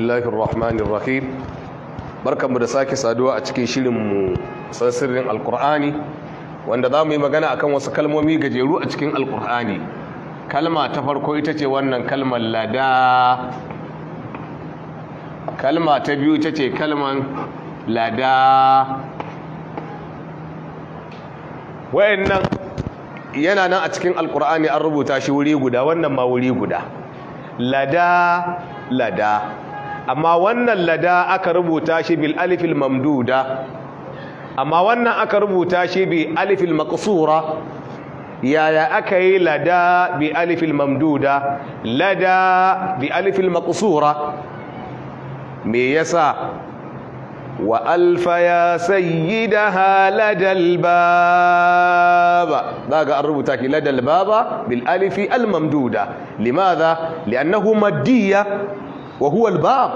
Allahi Rahman Rahim barkanmu da sake saduwa a cikin shirinmu san sirrin alkur'ani wanda za mu yi magana akan wasu kalmomi gajeru a cikin alkur'ani kalma ta farko ita ce wannan kalmar lada kalma ta biyu ita ce kalmar lada wayannan yana nan a cikin alkur'ani an rubuta shi wuri guda wannan ma wuri guda lada lada amma wannan lada aka rubuta shi bil alifil mamduda amma wannan aka rubuta shi bi alifil maqsura ya aka yi lada bi alifil mamduda lada bi alifil maqsura me yasa wa alfa ya sayyidaha ladal baba daga an rubuta ki ladal baba bil alifi al mamduda limadha li'annahu maddiya wa huwa albab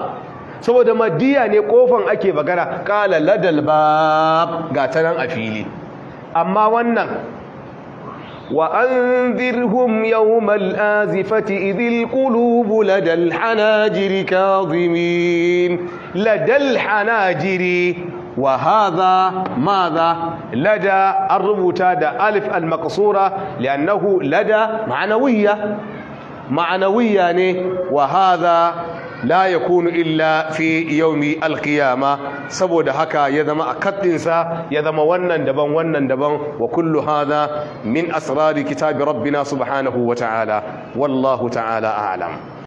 saboda madiya ne kofan ake magana qala ladal bab ga ta nan a fili amma wannan وأنذرهم يوم الآزفة إذ القلوب لدى الحناجر كاظمين لدى الحناجر وهذا ماذا لدى الربوتة دا ألف المقصورة لأنه لدى معنوية معنوية وهذا la kunu illa fi yaumi alkiyama saboda haka ya zama a kaddinsa ya zama wannan daban wannan daban wa kullu hadha min asrari kitabi rabbina subhanahu wa ta'ala wallahu ta'ala a'lam